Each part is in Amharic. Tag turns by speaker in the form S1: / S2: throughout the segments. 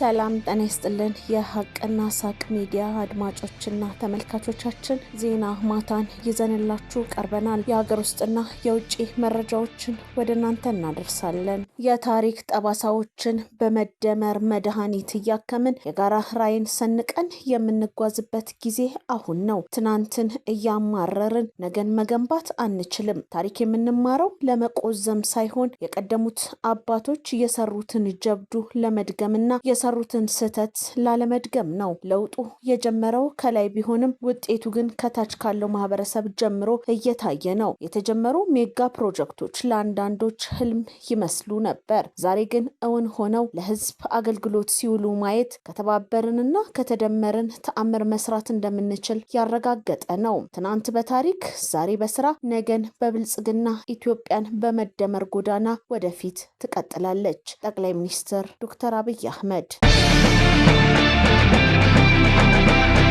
S1: ሰላም ጤና ይስጥልን። የሀቅና ሳቅ ሚዲያ አድማጮችና ተመልካቾቻችን ዜና ማታን ይዘንላችሁ ቀርበናል። የሀገር ውስጥና የውጭ መረጃዎችን ወደ እናንተ እናደርሳለን። የታሪክ ጠባሳዎችን በመደመር መድኃኒት እያከምን የጋራ ራይን ሰንቀን የምንጓዝበት ጊዜ አሁን ነው። ትናንትን እያማረርን ነገን መገንባት አንችልም። ታሪክ የምንማረው ለመቆዘም ሳይሆን የቀደሙት አባቶች የሰሩትን ጀብዱ ለመድገምና የሰሩትን ስህተት ላለመድገም ነው። ለውጡ የጀመረው ከላይ ቢሆንም ውጤቱ ግን ከታች ካለው ማህበረሰብ ጀምሮ እየታየ ነው። የተጀመሩ ሜጋ ፕሮጀክቶች ለአንዳንዶች ህልም ይመስሉ ነበር። ዛሬ ግን እውን ሆነው ለህዝብ አገልግሎት ሲውሉ ማየት ከተባበርንና ከተደመርን ተአምር መስራት እንደምንችል ያረጋገጠ ነው። ትናንት በታሪክ ዛሬ በስራ ነገን በብልጽግና ኢትዮጵያን በመደመር ጎዳና ወደፊት ትቀጥላለች። ጠቅላይ ሚኒስትር ዶክተር አብይ አህመድ フフフフフ。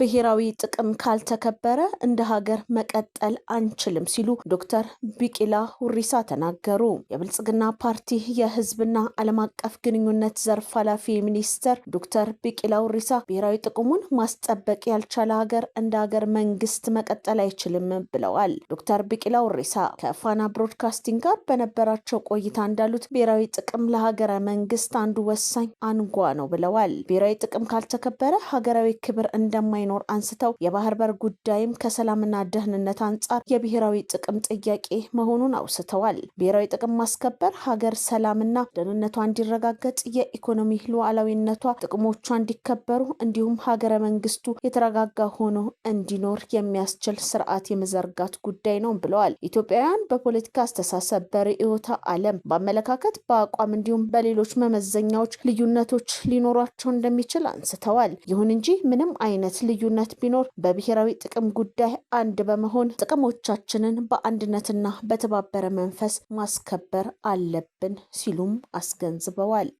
S1: ብሔራዊ ጥቅም ካልተከበረ እንደ ሀገር መቀጠል አንችልም ሲሉ ዶክተር ቢቂላ ሁሪሳ ተናገሩ። የብልጽግና ፓርቲ የህዝብና ዓለም አቀፍ ግንኙነት ዘርፍ ኃላፊ ሚኒስተር ዶክተር ቢቂላ ሁሪሳ ብሔራዊ ጥቅሙን ማስጠበቅ ያልቻለ ሀገር እንደ ሀገር መንግስት መቀጠል አይችልም ብለዋል። ዶክተር ቢቂላ ሁሪሳ ከፋና ብሮድካስቲንግ ጋር በነበራቸው ቆይታ እንዳሉት ብሔራዊ ጥቅም ለሀገረ መንግስት አንዱ ወሳኝ አንጓ ነው ብለዋል። ብሔራዊ ጥቅም ካልተከበረ ሀገራዊ ክብር እንደማይ እንደማይኖር አንስተው የባህር በር ጉዳይም ከሰላምና ደህንነት አንጻር የብሔራዊ ጥቅም ጥያቄ መሆኑን አውስተዋል። ብሔራዊ ጥቅም ማስከበር ሀገር ሰላምና ደህንነቷ እንዲረጋገጥ፣ የኢኮኖሚ ሉዓላዊነቷ ጥቅሞቿ እንዲከበሩ እንዲሁም ሀገረ መንግስቱ የተረጋጋ ሆኖ እንዲኖር የሚያስችል ስርዓት የመዘርጋት ጉዳይ ነው ብለዋል። ኢትዮጵያውያን በፖለቲካ አስተሳሰብ፣ በርዕዮተ ዓለም፣ በአመለካከት፣ በአቋም እንዲሁም በሌሎች መመዘኛዎች ልዩነቶች ሊኖሯቸው እንደሚችል አንስተዋል። ይሁን እንጂ ምንም አይነት ልዩ ልዩነት ቢኖር በብሔራዊ ጥቅም ጉዳይ አንድ በመሆን ጥቅሞቻችንን በአንድነትና በተባበረ መንፈስ ማስከበር አለብን ሲሉም አስገንዝበዋል።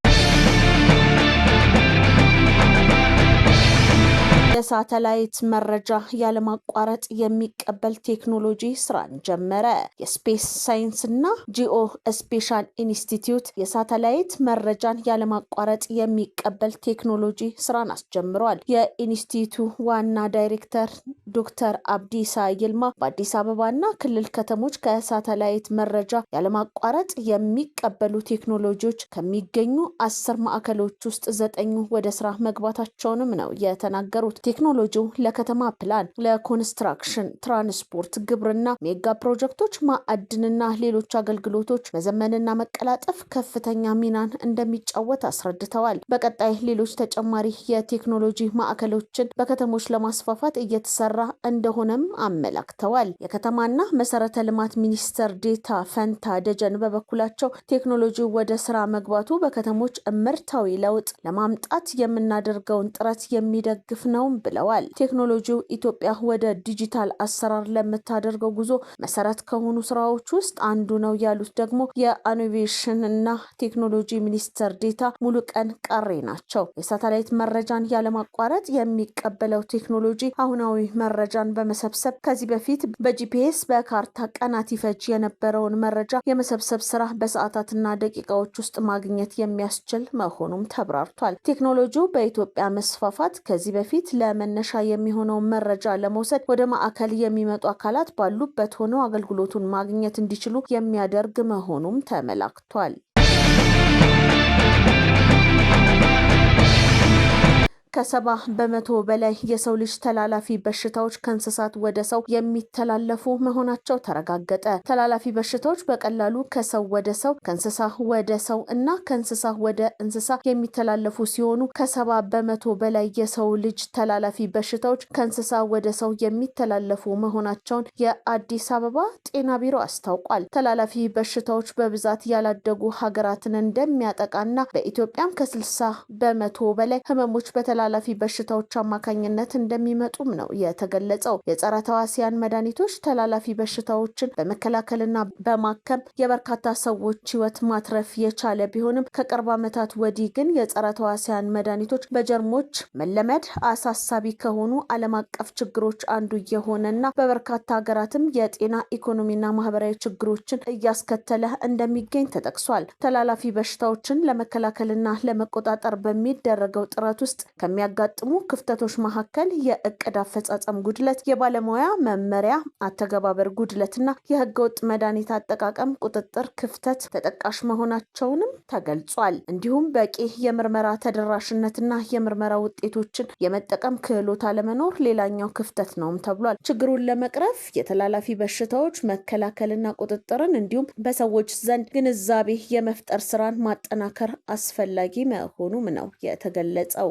S1: የሳተላይት መረጃ ያለማቋረጥ የሚቀበል ቴክኖሎጂ ስራን ጀመረ። የስፔስ ሳይንስና ጂኦ ስፔሻል ኢንስቲትዩት የሳተላይት መረጃን ያለማቋረጥ የሚቀበል ቴክኖሎጂ ስራን አስጀምሯል። የኢንስቲቱ ዋና ዳይሬክተር ዶክተር አብዲሳ ይልማ በአዲስ አበባና ክልል ከተሞች ከሳተላይት መረጃ ያለማቋረጥ የሚቀበሉ ቴክኖሎጂዎች ከሚገኙ አስር ማዕከሎች ውስጥ ዘጠኙ ወደ ስራ መግባታቸውንም ነው የተናገሩት። ቴክኖሎጂው ለከተማ ፕላን፣ ለኮንስትራክሽን፣ ትራንስፖርት፣ ግብርና፣ ሜጋ ፕሮጀክቶች፣ ማዕድንና ሌሎች አገልግሎቶች መዘመንና መቀላጠፍ ከፍተኛ ሚናን እንደሚጫወት አስረድተዋል። በቀጣይ ሌሎች ተጨማሪ የቴክኖሎጂ ማዕከሎችን በከተሞች ለማስፋፋት እየተሰራ እንደሆነም አመላክተዋል። የከተማና መሰረተ ልማት ሚኒስትር ዴታ ፈንታ ደጀን በበኩላቸው ቴክኖሎጂ ወደ ስራ መግባቱ በከተሞች እምርታዊ ለውጥ ለማምጣት የምናደርገውን ጥረት የሚደግፍ ነው ብለዋል። ቴክኖሎጂው ኢትዮጵያ ወደ ዲጂታል አሰራር ለምታደርገው ጉዞ መሰረት ከሆኑ ስራዎች ውስጥ አንዱ ነው ያሉት ደግሞ የኢኖቬሽን እና ቴክኖሎጂ ሚኒስትር ሙሉ ሙሉቀን ቀሬ ናቸው። የሳተላይት መረጃን ያለማቋረጥ የሚቀበለው ቴክኖሎጂ አሁናዊ መረጃን በመሰብሰብ ከዚህ በፊት በጂፒኤስ በካርታ ቀናት ይፈጅ የነበረውን መረጃ የመሰብሰብ ስራ በሰዓታትና ደቂቃዎች ውስጥ ማግኘት የሚያስችል መሆኑም ተብራርቷል። ቴክኖሎጂው በኢትዮጵያ መስፋፋት ከዚህ በፊት ለመነሻ የሚሆነውን መረጃ ለመውሰድ ወደ ማዕከል የሚመጡ አካላት ባሉበት ሆነው አገልግሎቱን ማግኘት እንዲችሉ የሚያደርግ መሆኑም ተመላክቷል። ከሰባ በመቶ በላይ የሰው ልጅ ተላላፊ በሽታዎች ከእንስሳት ወደ ሰው የሚተላለፉ መሆናቸው ተረጋገጠ። ተላላፊ በሽታዎች በቀላሉ ከሰው ወደ ሰው፣ ከእንስሳ ወደ ሰው እና ከእንስሳ ወደ እንስሳ የሚተላለፉ ሲሆኑ ከሰባ በመቶ በላይ የሰው ልጅ ተላላፊ በሽታዎች ከእንስሳ ወደ ሰው የሚተላለፉ መሆናቸውን የአዲስ አበባ ጤና ቢሮ አስታውቋል። ተላላፊ በሽታዎች በብዛት ያላደጉ ሀገራትን እንደሚያጠቃና በኢትዮጵያም ከስልሳ በመቶ በላይ ህመሞች በተላ ተላላፊ በሽታዎች አማካኝነት እንደሚመጡም ነው የተገለጸው። የጸረ ተዋሲያን መድኃኒቶች ተላላፊ በሽታዎችን በመከላከልና በማከም የበርካታ ሰዎች ህይወት ማትረፍ የቻለ ቢሆንም ከቅርብ ዓመታት ወዲህ ግን የጸረ ተዋሲያን መድኃኒቶች በጀርሞች መለመድ አሳሳቢ ከሆኑ ዓለም አቀፍ ችግሮች አንዱ የሆነና በበርካታ ሀገራትም የጤና ኢኮኖሚና ማህበራዊ ችግሮችን እያስከተለ እንደሚገኝ ተጠቅሷል። ተላላፊ በሽታዎችን ለመከላከልና ለመቆጣጠር በሚደረገው ጥረት ውስጥ ከሚያጋጥሙ ክፍተቶች መካከል የእቅድ አፈጻጸም ጉድለት፣ የባለሙያ መመሪያ አተገባበር ጉድለትና የህገወጥ መድኃኒት አጠቃቀም ቁጥጥር ክፍተት ተጠቃሽ መሆናቸውንም ተገልጿል። እንዲሁም በቂ የምርመራ ተደራሽነትና የምርመራ ውጤቶችን የመጠቀም ክህሎት አለመኖር ሌላኛው ክፍተት ነውም ተብሏል። ችግሩን ለመቅረፍ የተላላፊ በሽታዎች መከላከልና ቁጥጥርን እንዲሁም በሰዎች ዘንድ ግንዛቤ የመፍጠር ስራን ማጠናከር አስፈላጊ መሆኑም ነው የተገለጸው።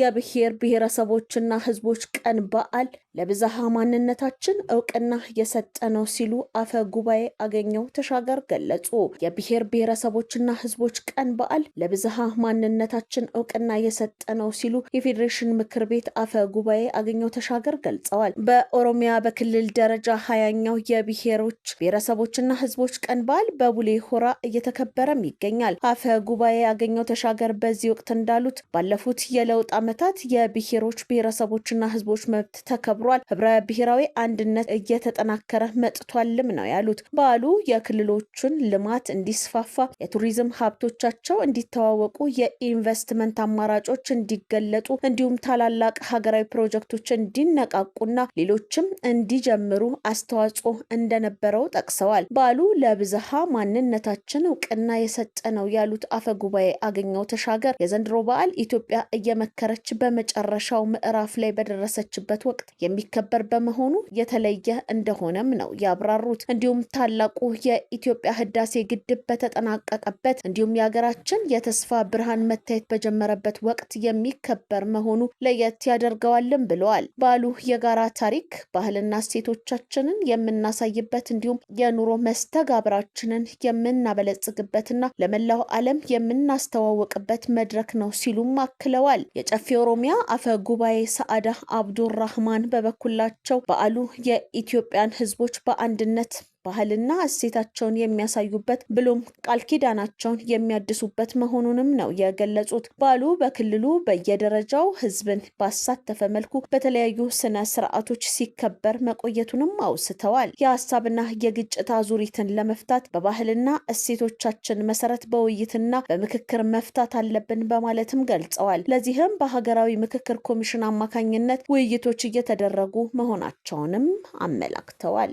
S1: የብሔር ብሔረሰቦችና ህዝቦች ቀን በዓል ለብዝሃ ማንነታችን እውቅና የሰጠ ነው ሲሉ አፈ ጉባኤ አገኘው ተሻገር ገለጹ። የብሔር ብሔረሰቦችና ህዝቦች ቀን በዓል ለብዝሃ ማንነታችን እውቅና የሰጠ ነው ሲሉ የፌዴሬሽን ምክር ቤት አፈ ጉባኤ አገኘው ተሻገር ገልጸዋል። በኦሮሚያ በክልል ደረጃ ሀያኛው የብሔሮች ብሔረሰቦችና ህዝቦች ቀን በዓል በቡሌ ሆራ እየተከበረም ይገኛል። አፈ ጉባኤ አገኘው ተሻገር በዚህ ወቅት እንዳሉት ባለፉት የለውጥ ዓመታት የብሔሮች ብሔረሰቦችና ህዝቦች መብት ተከብሯል፣ ህብረ ብሔራዊ አንድነት እየተጠናከረ መጥቷልም ነው ያሉት። በዓሉ የክልሎቹን ልማት እንዲስፋፋ፣ የቱሪዝም ሀብቶቻቸው እንዲተዋወቁ፣ የኢንቨስትመንት አማራጮች እንዲገለጡ እንዲሁም ታላላቅ ሀገራዊ ፕሮጀክቶች እንዲነቃቁና ሌሎችም እንዲጀምሩ አስተዋጽኦ እንደነበረው ጠቅሰዋል። በዓሉ ለብዝሃ ማንነታችን እውቅና የሰጠ ነው ያሉት አፈ ጉባኤ አገኘው ተሻገር የዘንድሮ በዓል ኢትዮጵያ እየመከረ እየሞከረች በመጨረሻው ምዕራፍ ላይ በደረሰችበት ወቅት የሚከበር በመሆኑ የተለየ እንደሆነም ነው ያብራሩት። እንዲሁም ታላቁ የኢትዮጵያ ህዳሴ ግድብ በተጠናቀቀበት እንዲሁም የሀገራችን የተስፋ ብርሃን መታየት በጀመረበት ወቅት የሚከበር መሆኑ ለየት ያደርገዋልም ብለዋል። በዓሉ የጋራ ታሪክ፣ ባህልና እሴቶቻችንን የምናሳይበት እንዲሁም የኑሮ መስተጋብራችንን የምናበለጽግበትና ለመላው ዓለም የምናስተዋወቅበት መድረክ ነው ሲሉም አክለዋል። ቀፊ ኦሮሚያ አፈ ጉባኤ ሰአዳ አብዱራህማን በበኩላቸው በዓሉ የኢትዮጵያን ሕዝቦች በአንድነት ባህልና እሴታቸውን የሚያሳዩበት ብሎም ቃል ኪዳናቸውን የሚያድሱበት መሆኑንም ነው የገለጹት። በዓሉ በክልሉ በየደረጃው ህዝብን ባሳተፈ መልኩ በተለያዩ ስነ ስርዓቶች ሲከበር መቆየቱንም አውስተዋል። የሀሳብና የግጭት አዙሪትን ለመፍታት በባህልና እሴቶቻችን መሰረት በውይይትና በምክክር መፍታት አለብን በማለትም ገልጸዋል። ለዚህም በሀገራዊ ምክክር ኮሚሽን አማካኝነት ውይይቶች እየተደረጉ መሆናቸውንም አመላክተዋል።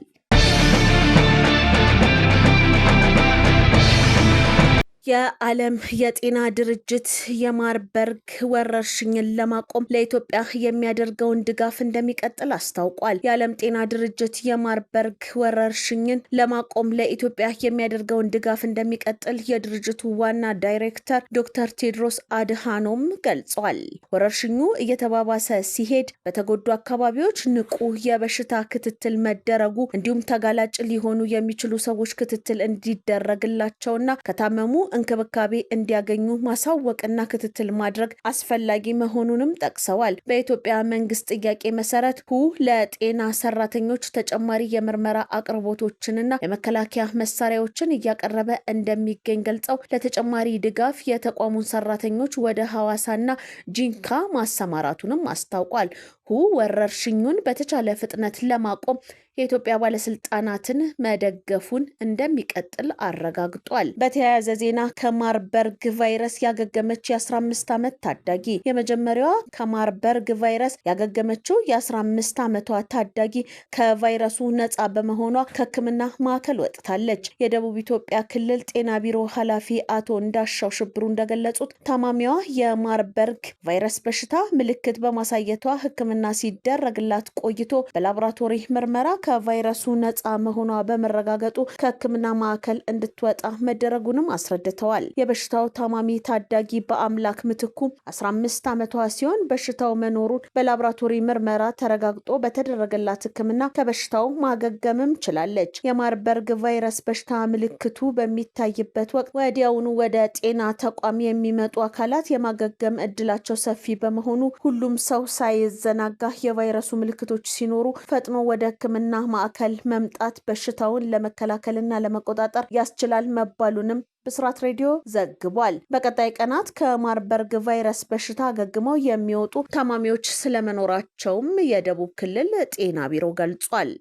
S1: የዓለም የጤና ድርጅት የማርበርግ ወረርሽኝን ለማቆም ለኢትዮጵያ የሚያደርገውን ድጋፍ እንደሚቀጥል አስታውቋል። የዓለም ጤና ድርጅት የማርበርግ ወረርሽኝን ለማቆም ለኢትዮጵያ የሚያደርገውን ድጋፍ እንደሚቀጥል የድርጅቱ ዋና ዳይሬክተር ዶክተር ቴድሮስ አድሃኖም ገልጿል። ወረርሽኙ እየተባባሰ ሲሄድ በተጎዱ አካባቢዎች ንቁ የበሽታ ክትትል መደረጉ እንዲሁም ተጋላጭ ሊሆኑ የሚችሉ ሰዎች ክትትል እንዲደረግላቸውና ከታመሙ እንክብካቤ እንዲያገኙ ማሳወቅና ክትትል ማድረግ አስፈላጊ መሆኑንም ጠቅሰዋል። በኢትዮጵያ መንግስት ጥያቄ መሰረት ሁ ለጤና ሰራተኞች ተጨማሪ የምርመራ አቅርቦቶችንና የመከላከያ መሳሪያዎችን እያቀረበ እንደሚገኝ ገልጸው ለተጨማሪ ድጋፍ የተቋሙን ሰራተኞች ወደ ሐዋሳና ጂንካ ማሰማራቱንም አስታውቋል። ሁ ወረርሽኙን በተቻለ ፍጥነት ለማቆም የኢትዮጵያ ባለስልጣናትን መደገፉን እንደሚቀጥል አረጋግጧል። በተያያዘ ዜና ከማርበርግ ቫይረስ ያገገመች የ15 ዓመት ታዳጊ የመጀመሪያዋ ከማርበርግ ቫይረስ ያገገመችው የ15 ዓመቷ ታዳጊ ከቫይረሱ ነፃ በመሆኗ ከሕክምና ማዕከል ወጥታለች። የደቡብ ኢትዮጵያ ክልል ጤና ቢሮ ኃላፊ አቶ እንዳሻው ሽብሩ እንደገለጹት ታማሚዋ የማርበርግ ቫይረስ በሽታ ምልክት በማሳየቷ ሕክምና ሲደረግላት ቆይቶ በላቦራቶሪ ምርመራ ከቫይረሱ ነፃ መሆኗ በመረጋገጡ ከሕክምና ማዕከል እንድትወጣ መደረጉንም አስረድተዋል። የበሽታው ታማሚ ታዳጊ በአምላክ ምትኩ 15 ዓመቷ ሲሆን በሽታው መኖሩን በላብራቶሪ ምርመራ ተረጋግጦ በተደረገላት ሕክምና ከበሽታው ማገገምም ችላለች። የማርበርግ ቫይረስ በሽታ ምልክቱ በሚታይበት ወቅት ወዲያውኑ ወደ ጤና ተቋም የሚመጡ አካላት የማገገም እድላቸው ሰፊ በመሆኑ ሁሉም ሰው ሳይዘናጋ የቫይረሱ ምልክቶች ሲኖሩ ፈጥኖ ወደ ሕክምና የጤና ማዕከል መምጣት በሽታውን ለመከላከልና ለመቆጣጠር ያስችላል መባሉንም ብስራት ሬዲዮ ዘግቧል። በቀጣይ ቀናት ከማርበርግ ቫይረስ በሽታ አገግመው የሚወጡ ታማሚዎች ስለመኖራቸውም የደቡብ ክልል ጤና ቢሮ ገልጿል።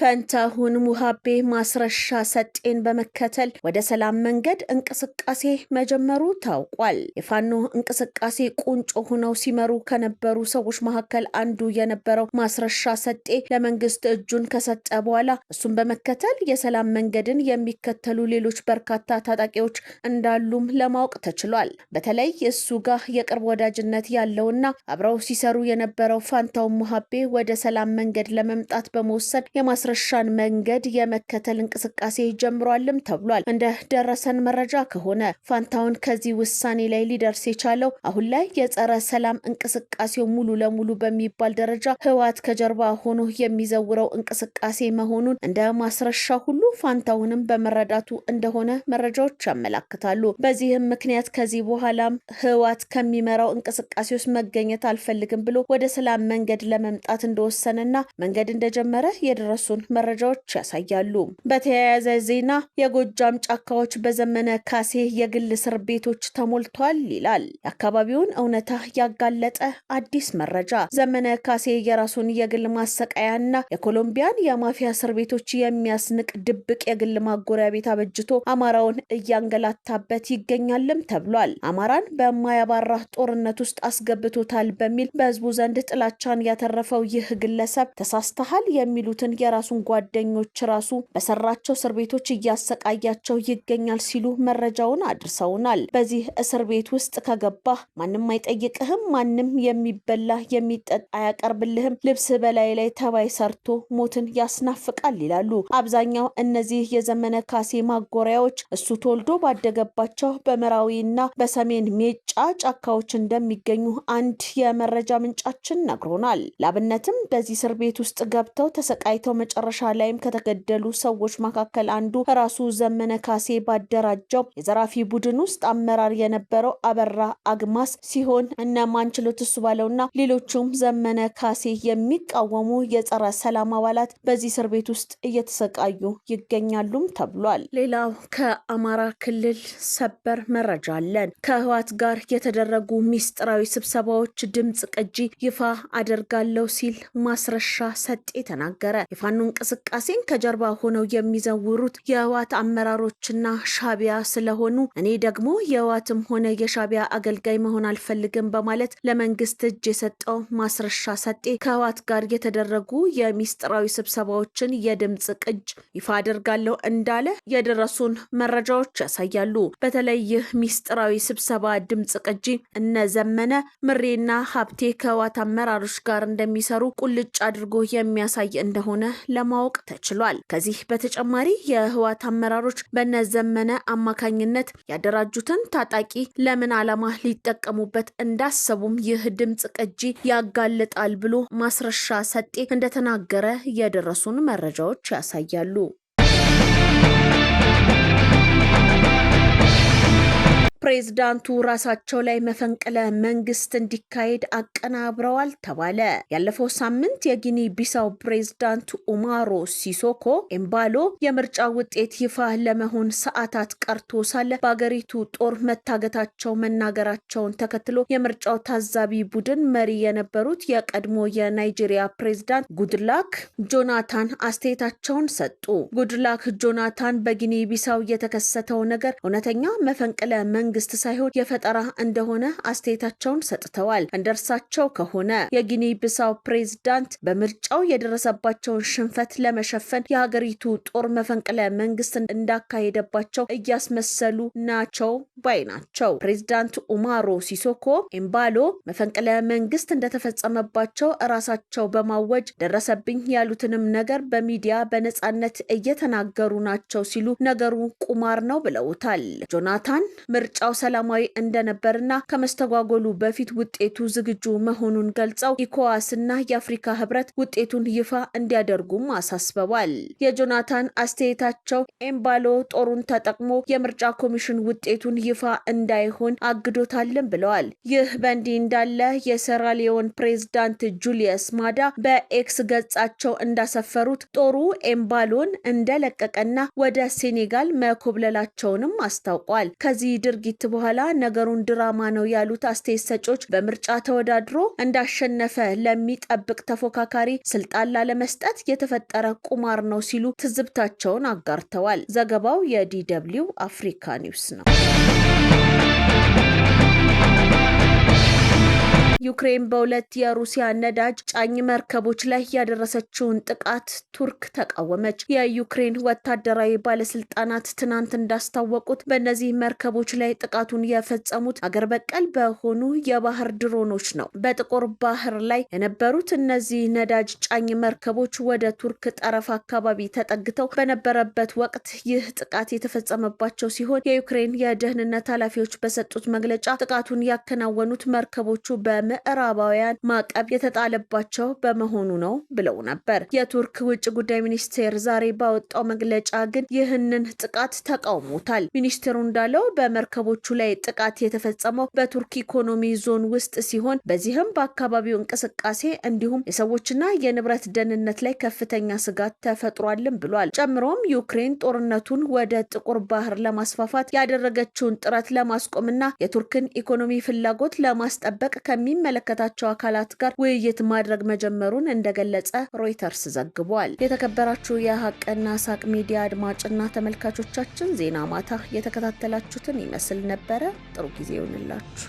S1: ፈንታሁን ሙሀቤ ማስረሻ ሰጤን በመከተል ወደ ሰላም መንገድ እንቅስቃሴ መጀመሩ ታውቋል። የፋኖ እንቅስቃሴ ቁንጮ ሆነው ሲመሩ ከነበሩ ሰዎች መካከል አንዱ የነበረው ማስረሻ ሰጤ ለመንግስት እጁን ከሰጠ በኋላ እሱን በመከተል የሰላም መንገድን የሚከተሉ ሌሎች በርካታ ታጣቂዎች እንዳሉም ለማወቅ ተችሏል። በተለይ እሱ ጋር የቅርብ ወዳጅነት ያለውና አብረው ሲሰሩ የነበረው ፋንታሁን ሙሀቤ ወደ ሰላም መንገድ ለመምጣት በመወሰን የማስረ የማስረሻን መንገድ የመከተል እንቅስቃሴ ጀምሯልም ተብሏል። እንደ ደረሰን መረጃ ከሆነ ፋንታውን ከዚህ ውሳኔ ላይ ሊደርስ የቻለው አሁን ላይ የጸረ ሰላም እንቅስቃሴው ሙሉ ለሙሉ በሚባል ደረጃ ህወሓት ከጀርባ ሆኖ የሚዘውረው እንቅስቃሴ መሆኑን እንደ ማስረሻ ሁሉ ፋንታውንም በመረዳቱ እንደሆነ መረጃዎች ያመላክታሉ። በዚህም ምክንያት ከዚህ በኋላም ህወሓት ከሚመራው እንቅስቃሴ ውስጥ መገኘት አልፈልግም ብሎ ወደ ሰላም መንገድ ለመምጣት እንደወሰነና መንገድ እንደጀመረ የደረሱን የደረሱን መረጃዎች ያሳያሉ። በተያያዘ ዜና የጎጃም ጫካዎች በዘመነ ካሴ የግል እስር ቤቶች ተሞልቷል ይላል የአካባቢውን እውነታ ያጋለጠ አዲስ መረጃ። ዘመነ ካሴ የራሱን የግል ማሰቃያና የኮሎምቢያን የማፊያ እስር ቤቶች የሚያስንቅ ድብቅ የግል ማጎሪያ ቤት አበጅቶ አማራውን እያንገላታበት ይገኛልም ተብሏል። አማራን በማያባራ ጦርነት ውስጥ አስገብቶታል በሚል በህዝቡ ዘንድ ጥላቻን ያተረፈው ይህ ግለሰብ ተሳስተሃል የሚሉትን የራ የራሱን ጓደኞች ራሱ በሰራቸው እስር ቤቶች እያሰቃያቸው ይገኛል ሲሉ መረጃውን አድርሰውናል። በዚህ እስር ቤት ውስጥ ከገባህ ማንም አይጠይቅህም፣ ማንም የሚበላ የሚጠጣ አያቀርብልህም፣ ልብስ በላይ ላይ ተባይ ሰርቶ ሞትን ያስናፍቃል ይላሉ። አብዛኛው እነዚህ የዘመነ ካሴ ማጎሪያዎች እሱ ተወልዶ ባደገባቸው በምዕራዊና በሰሜን ሜጫ ጫካዎች እንደሚገኙ አንድ የመረጃ ምንጫችን ነግሮናል። ላብነትም በዚህ እስር ቤት ውስጥ ገብተው ተሰቃይተው መጨረሻ ላይም ከተገደሉ ሰዎች መካከል አንዱ ራሱ ዘመነ ካሴ ባደራጀው የዘራፊ ቡድን ውስጥ አመራር የነበረው አበራ አግማስ ሲሆን እነ ማንችሎት እሱ ባለውና ሌሎቹም ዘመነ ካሴ የሚቃወሙ የጸረ ሰላም አባላት በዚህ እስር ቤት ውስጥ እየተሰቃዩ ይገኛሉም ተብሏል። ሌላው ከአማራ ክልል ሰበር መረጃ አለን። ከህወሓት ጋር የተደረጉ ሚስጥራዊ ስብሰባዎች ድምፅ ቅጂ ይፋ አደርጋለሁ ሲል ማስረሻ ሰጤ ተናገረ። የፋኖ እንቅስቃሴን ከጀርባ ሆነው የሚዘውሩት የህዋት አመራሮችና ሻቢያ ስለሆኑ እኔ ደግሞ የህዋትም ሆነ የሻቢያ አገልጋይ መሆን አልፈልግም በማለት ለመንግስት እጅ የሰጠው ማስረሻ ሰጤ ከህዋት ጋር የተደረጉ የሚስጥራዊ ስብሰባዎችን የድምፅ ቅጅ ይፋ አድርጋለሁ እንዳለ የደረሱን መረጃዎች ያሳያሉ። በተለይ ይህ ሚስጥራዊ ስብሰባ ድምፅ ቅጂ እነ ዘመነ ምሬና ሀብቴ ከህዋት አመራሮች ጋር እንደሚሰሩ ቁልጭ አድርጎ የሚያሳይ እንደሆነ ለማወቅ ተችሏል። ከዚህ በተጨማሪ የህወሓት አመራሮች በነዘመነ አማካኝነት ያደራጁትን ታጣቂ ለምን ዓላማ ሊጠቀሙበት እንዳሰቡም ይህ ድምፅ ቅጂ ያጋልጣል ብሎ ማስረሻ ሰጤ እንደተናገረ የደረሱን መረጃዎች ያሳያሉ። ፕሬዝዳንቱ ራሳቸው ላይ መፈንቅለ መንግስት እንዲካሄድ አቀናብረዋል ተባለ። ያለፈው ሳምንት የጊኒ ቢሳው ፕሬዝዳንት ኡማሮ ሲሶኮ ኤምባሎ የምርጫ ውጤት ይፋ ለመሆን ሰዓታት ቀርቶ ሳለ በአገሪቱ ጦር መታገታቸው መናገራቸውን ተከትሎ የምርጫው ታዛቢ ቡድን መሪ የነበሩት የቀድሞ የናይጄሪያ ፕሬዝዳንት ጉድላክ ጆናታን አስተያየታቸውን ሰጡ። ጉድላክ ጆናታን በጊኒ ቢሳው የተከሰተው ነገር እውነተኛ መፈንቅለ መንግስት መንግስት ሳይሆን የፈጠራ እንደሆነ አስተያየታቸውን ሰጥተዋል። እንደርሳቸው ከሆነ የጊኒ ብሳው ፕሬዝዳንት በምርጫው የደረሰባቸውን ሽንፈት ለመሸፈን የሀገሪቱ ጦር መፈንቅለ መንግስት እንዳካሄደባቸው እያስመሰሉ ናቸው ባይ ናቸው። ፕሬዝዳንት ኡማሮ ሲሶኮ ኤምባሎ መፈንቅለ መንግስት እንደተፈጸመባቸው እራሳቸው በማወጅ ደረሰብኝ ያሉትንም ነገር በሚዲያ በነጻነት እየተናገሩ ናቸው ሲሉ ነገሩ ቁማር ነው ብለውታል። ጆናታን ምርጫ ምርጫው ሰላማዊ እንደነበርና ከመስተጓጎሉ በፊት ውጤቱ ዝግጁ መሆኑን ገልጸው ኢኮዋስና የአፍሪካ ህብረት ውጤቱን ይፋ እንዲያደርጉም አሳስበዋል። የጆናታን አስተያየታቸው ኤምባሎ ጦሩን ተጠቅሞ የምርጫ ኮሚሽን ውጤቱን ይፋ እንዳይሆን አግዶታልን ብለዋል። ይህ በእንዲህ እንዳለ የሴራሊዮን ፕሬዝዳንት ጁሊየስ ማዳ በኤክስ ገጻቸው እንዳሰፈሩት ጦሩ ኤምባሎን እንደለቀቀና ወደ ሴኔጋል መኮብለላቸውንም አስታውቋል። ከዚህ ድርጊት ድርጊት በኋላ ነገሩን ድራማ ነው ያሉት አስተያየት ሰጮች በምርጫ ተወዳድሮ እንዳሸነፈ ለሚጠብቅ ተፎካካሪ ስልጣን ላለመስጠት የተፈጠረ ቁማር ነው ሲሉ ትዝብታቸውን አጋርተዋል። ዘገባው የዲ አፍሪካ ኒውስ ነው። ዩክሬን በሁለት የሩሲያ ነዳጅ ጫኝ መርከቦች ላይ ያደረሰችውን ጥቃት ቱርክ ተቃወመች። የዩክሬን ወታደራዊ ባለስልጣናት ትናንት እንዳስታወቁት በእነዚህ መርከቦች ላይ ጥቃቱን የፈጸሙት አገር በቀል በሆኑ የባህር ድሮኖች ነው። በጥቁር ባህር ላይ የነበሩት እነዚህ ነዳጅ ጫኝ መርከቦች ወደ ቱርክ ጠረፍ አካባቢ ተጠግተው በነበረበት ወቅት ይህ ጥቃት የተፈጸመባቸው ሲሆን የዩክሬን የደህንነት ኃላፊዎች በሰጡት መግለጫ ጥቃቱን ያከናወኑት መርከቦቹ በ ምዕራባውያን ማዕቀብ የተጣለባቸው በመሆኑ ነው ብለው ነበር። የቱርክ ውጭ ጉዳይ ሚኒስቴር ዛሬ ባወጣው መግለጫ ግን ይህንን ጥቃት ተቃውሞታል። ሚኒስቴሩ እንዳለው በመርከቦቹ ላይ ጥቃት የተፈጸመው በቱርክ ኢኮኖሚ ዞን ውስጥ ሲሆን በዚህም በአካባቢው እንቅስቃሴ እንዲሁም የሰዎችና የንብረት ደህንነት ላይ ከፍተኛ ስጋት ተፈጥሯልም ብሏል። ጨምሮም ዩክሬን ጦርነቱን ወደ ጥቁር ባህር ለማስፋፋት ያደረገችውን ጥረት ለማስቆምና የቱርክን ኢኮኖሚ ፍላጎት ለማስጠበቅ ከሚ ከሚመለከታቸው አካላት ጋር ውይይት ማድረግ መጀመሩን እንደገለጸ ሮይተርስ ዘግቧል። የተከበራችሁ የሀቅና ሳቅ ሚዲያ አድማጭና ተመልካቾቻችን ዜና ማታ የተከታተላችሁትን ይመስል ነበረ። ጥሩ ጊዜ ይሁንላችሁ።